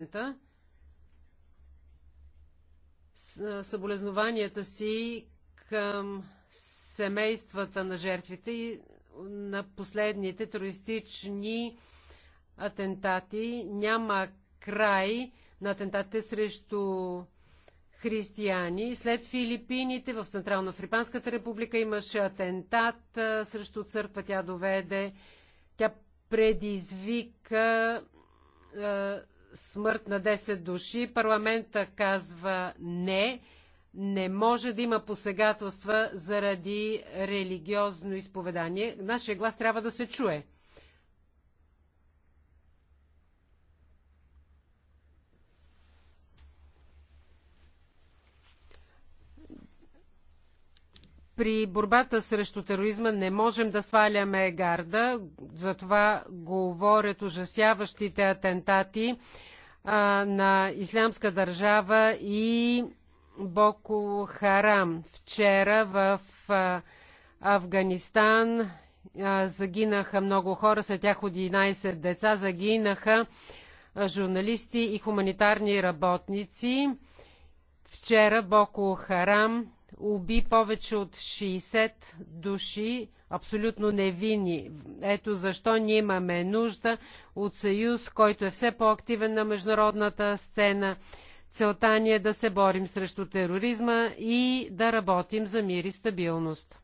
момента съболезнованията си към семействата на жертвите и на последните терористични атентати. Няма край на атентатите срещу християни. След Филипините в Централно-Африканската република имаше атентат срещу църква. Тя доведе, тя предизвика смърт на 10 души. Парламента казва не. Не може да има посегателства заради религиозно изповедание. Нашия глас трябва да се чуе. при борбата срещу тероризма не можем да сваляме гарда, затова говорят ужасяващите атентати а, на Ислямска държава и Боко Харам. Вчера в а, Афганистан а, загинаха много хора, след тях 11 деца, загинаха журналисти и хуманитарни работници. Вчера Боко Харам уби повече от 60 души, абсолютно невинни. Ето защо ние имаме нужда от съюз, който е все по-активен на международната сцена. Целта ни е да се борим срещу тероризма и да работим за мир и стабилност.